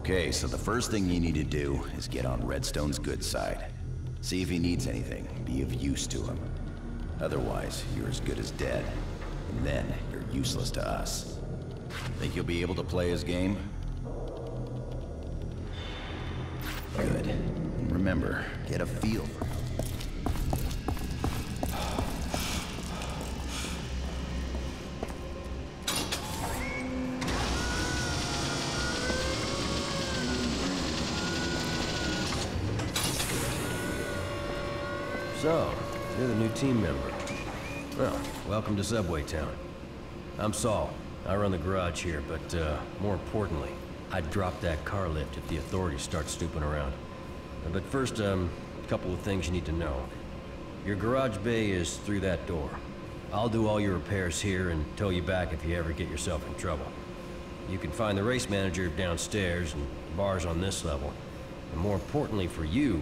Okay, so the first thing you need to do is get on Redstone's good side. See if he needs anything, be of use to him. Otherwise, you're as good as dead. And then, you're useless to us. Think you'll be able to play his game? Good. And remember, get a feel for team member. Well, welcome to Subway Town. I'm Saul. I run the garage here, but uh, more importantly, I'd drop that car lift if the authorities start snooping around. But first, um, a couple of things you need to know. Your garage bay is through that door. I'll do all your repairs here and tow you back if you ever get yourself in trouble. You can find the race manager downstairs and bars on this level. And more importantly for you,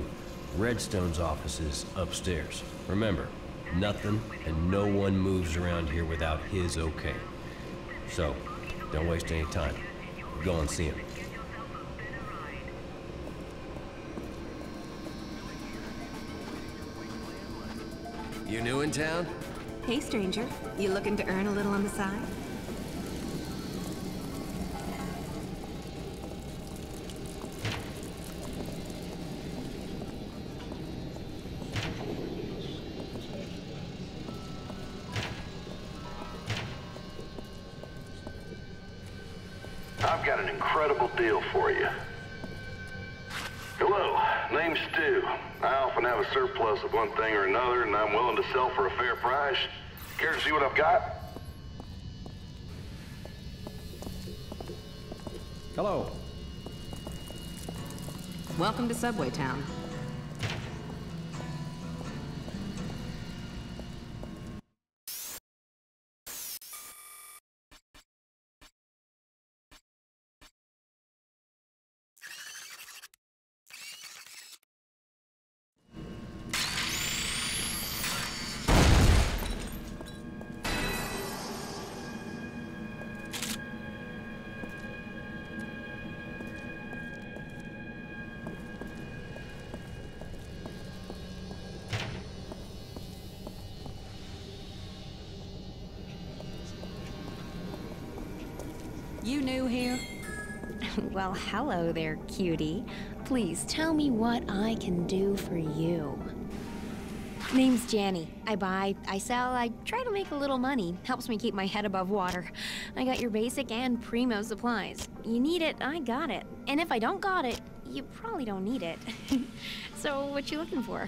Redstone's office is upstairs. Remember, Nothing and no one moves around here without his okay. So, don't waste any time. Go and see him. You new in town? Hey, stranger. You looking to earn a little on the side? Name's Stu. I often have a surplus of one thing or another, and I'm willing to sell for a fair price. Care to see what I've got? Hello. Welcome to Subway Town. You new here? well, hello there, cutie. Please tell me what I can do for you. Name's Janny. I buy, I sell, I try to make a little money. Helps me keep my head above water. I got your basic and primo supplies. You need it, I got it. And if I don't got it, you probably don't need it. so what you looking for?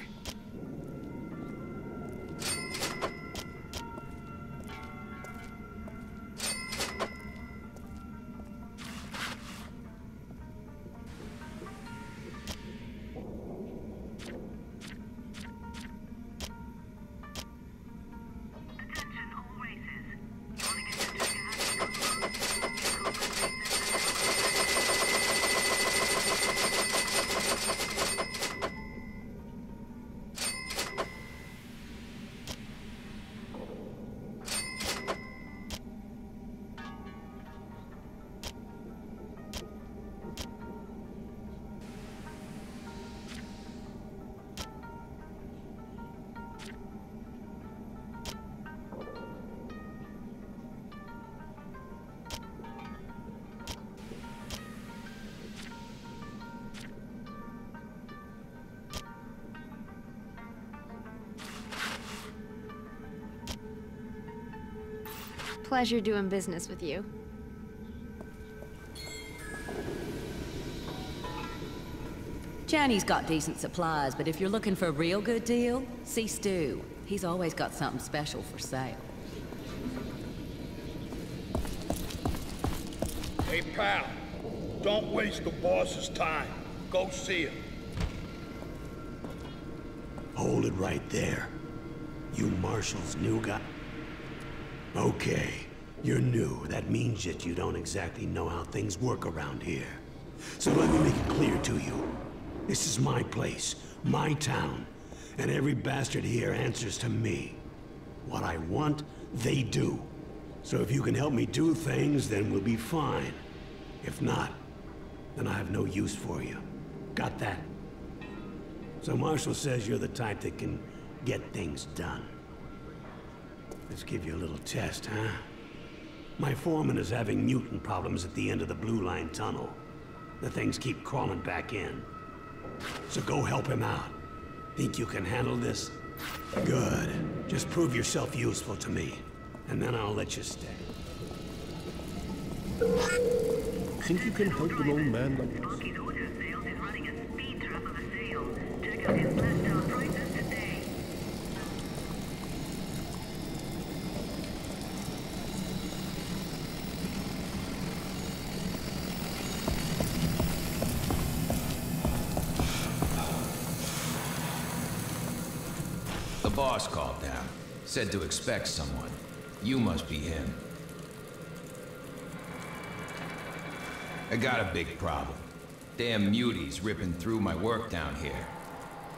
Pleasure doing business with you. Johnny's got decent supplies, but if you're looking for a real good deal, see Stu. He's always got something special for sale. Hey, pal, don't waste the boss's time. Go see him. Hold it right there. You marshal's new guy. Okay. You're new. That means that you don't exactly know how things work around here. So let me make it clear to you. This is my place, my town, and every bastard here answers to me. What I want, they do. So if you can help me do things, then we'll be fine. If not, then I have no use for you. Got that? So Marshall says you're the type that can get things done. Let's give you a little test, huh? My foreman is having mutant problems at the end of the Blue Line Tunnel. The things keep crawling back in. So go help him out. Think you can handle this? Good. Just prove yourself useful to me, and then I'll let you stay. Think you can help an old man like this? now. Said to expect someone. You must be him. I got a big problem. Damn muties ripping through my work down here.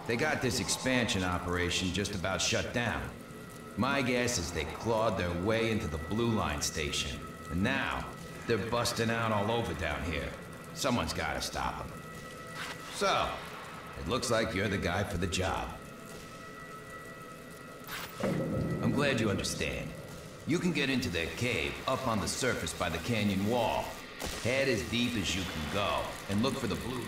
They got this expansion operation just about shut down. My guess is they clawed their way into the Blue Line station. And now, they're busting out all over down here. Someone's gotta stop them. So, it looks like you're the guy for the job. I'm glad you understand. You can get into their cave up on the surface by the canyon wall. Head as deep as you can go, and look for the blue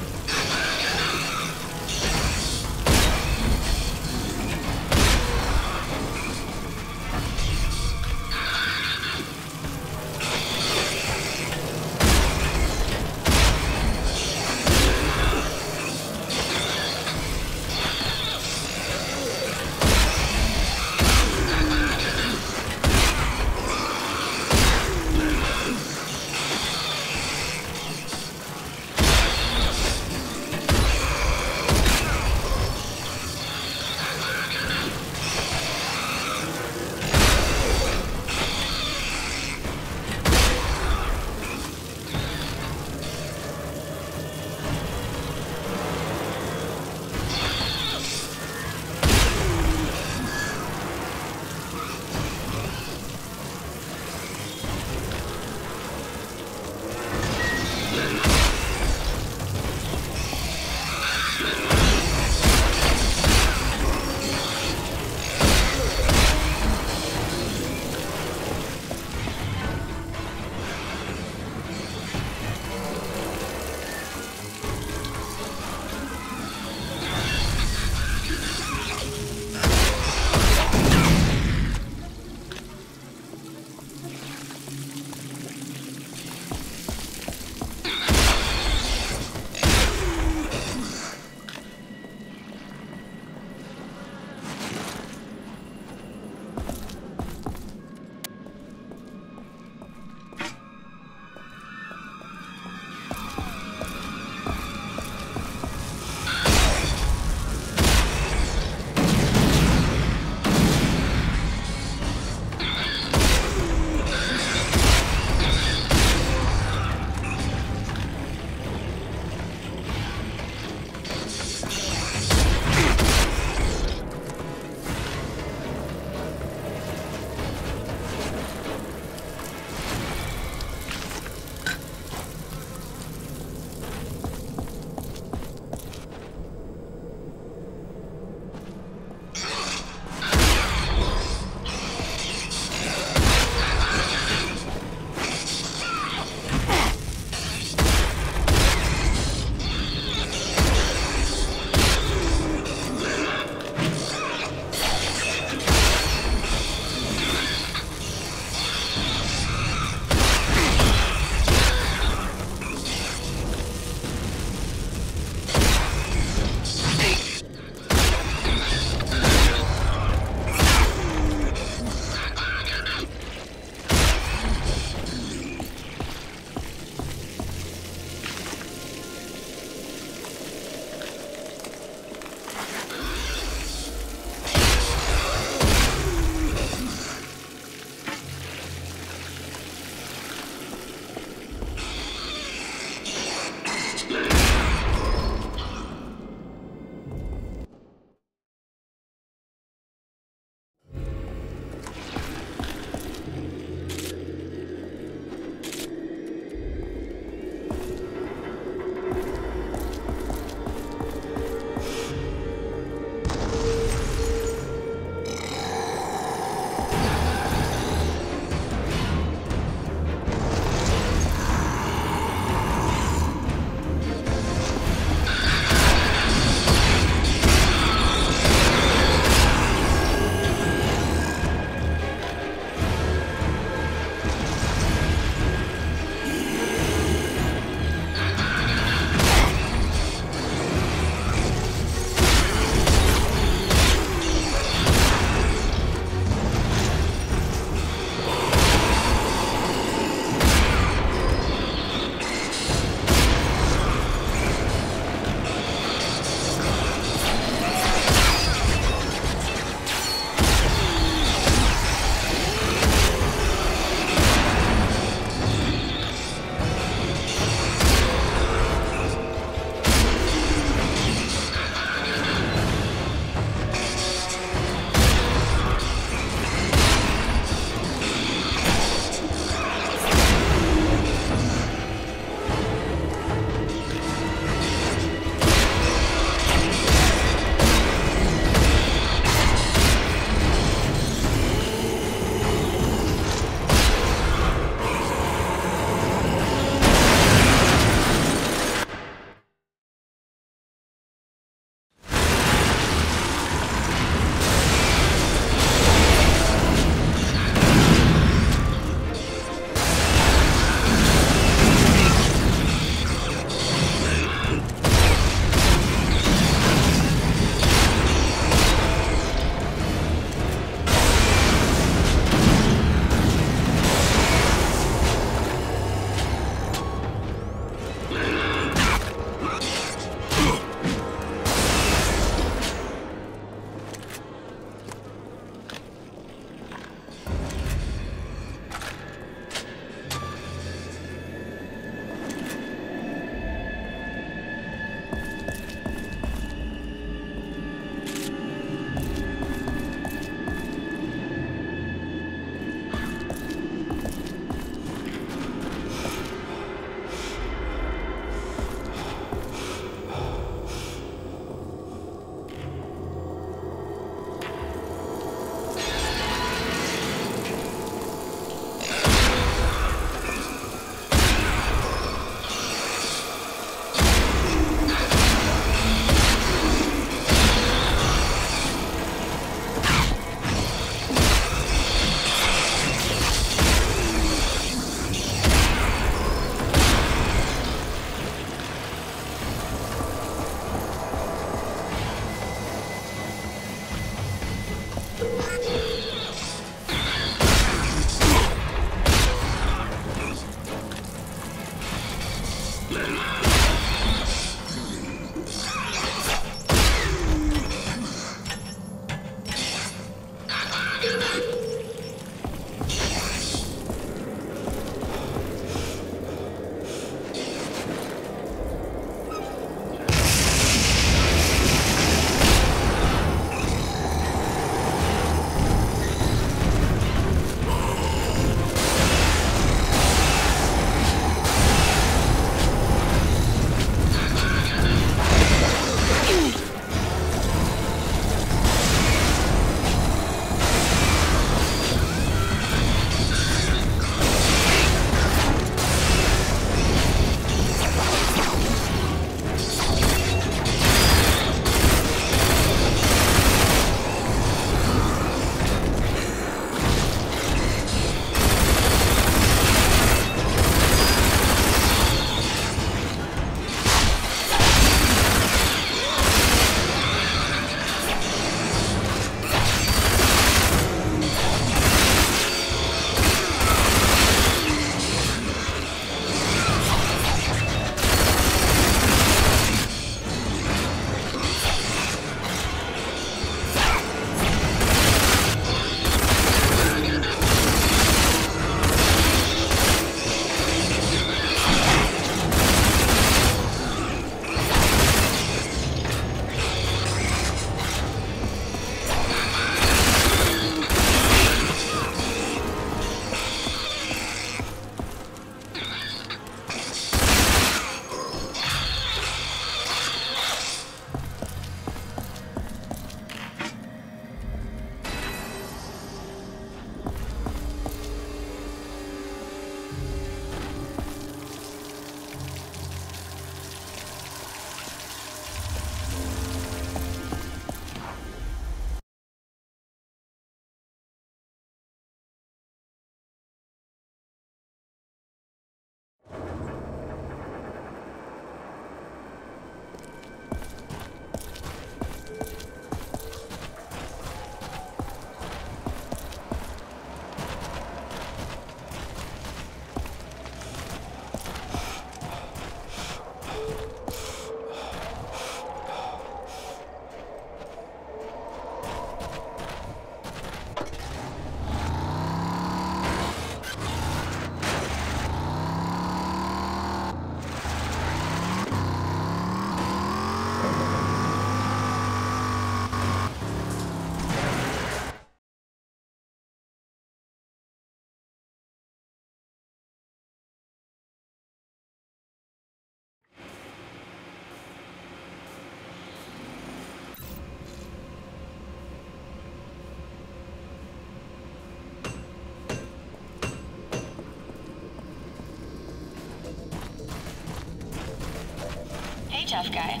tough guy.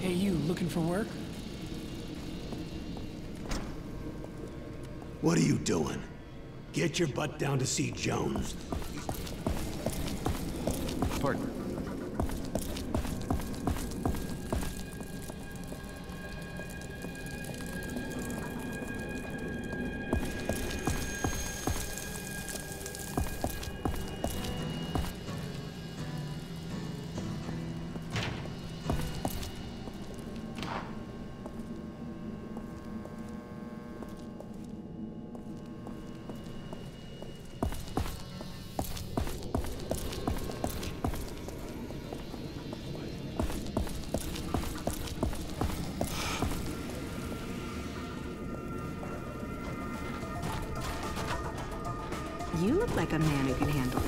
Hey, you looking for work? What are you doing? Get your butt down to see Jones. Partner. You look like a man who can handle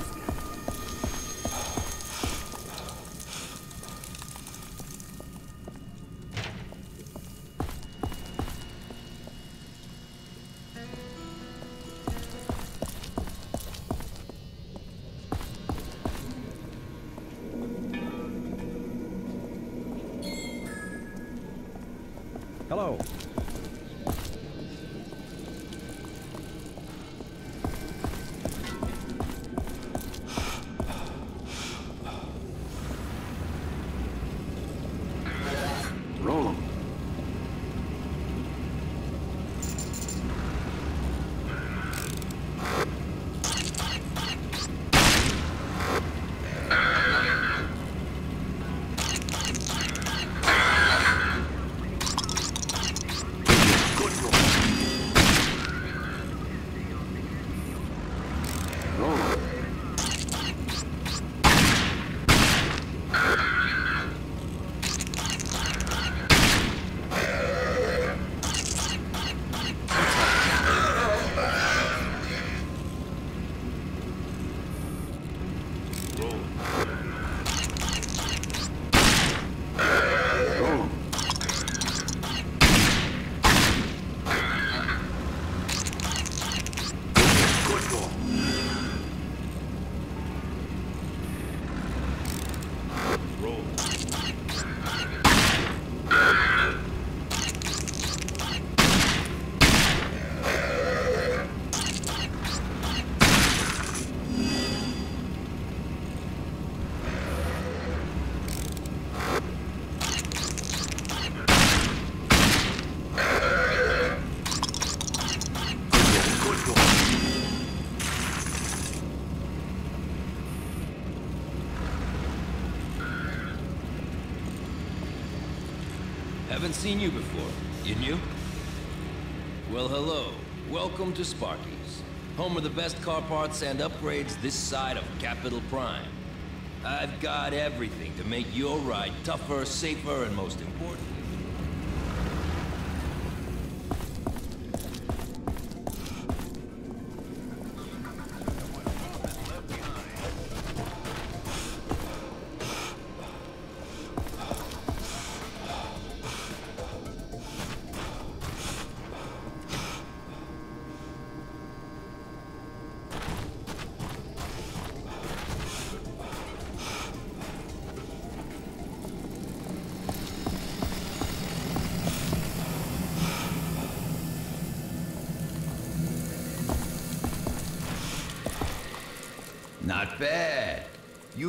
haven't seen you before, didn't you? Well, hello. Welcome to Sparky's, home of the best car parts and upgrades this side of Capital Prime. I've got everything to make your ride tougher, safer, and most important,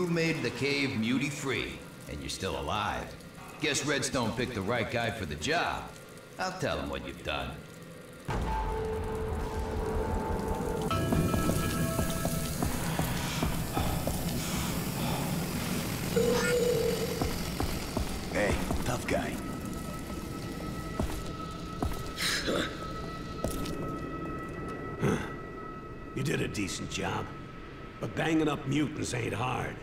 you made the cave muty free, and you're still alive. Guess Redstone picked the right guy for the job. I'll tell him what you've done. Hey, tough guy. you did a decent job, but banging up mutants ain't hard.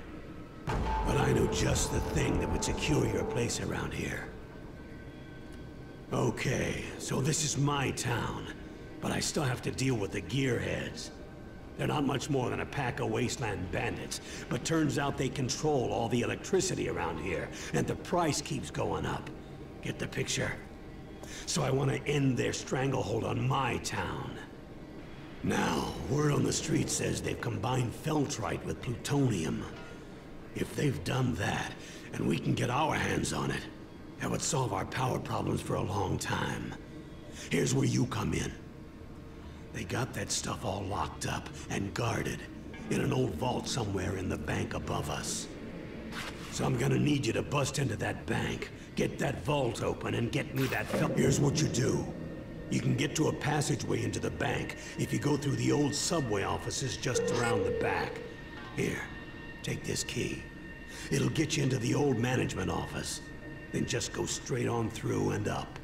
But I know just the thing that would secure your place around here. Okay, so this is my town, but I still have to deal with the gearheads. They're not much more than a pack of wasteland bandits, but turns out they control all the electricity around here, and the price keeps going up. Get the picture? So I want to end their stranglehold on my town. Now, word on the street says they've combined Feltrite with plutonium. If they've done that, and we can get our hands on it, that would solve our power problems for a long time. Here's where you come in. They got that stuff all locked up and guarded in an old vault somewhere in the bank above us. So I'm gonna need you to bust into that bank, get that vault open, and get me that Here's what you do. You can get to a passageway into the bank if you go through the old subway offices just around the back. Here, Take this key. It'll get you into the old management office. Then just go straight on through and up.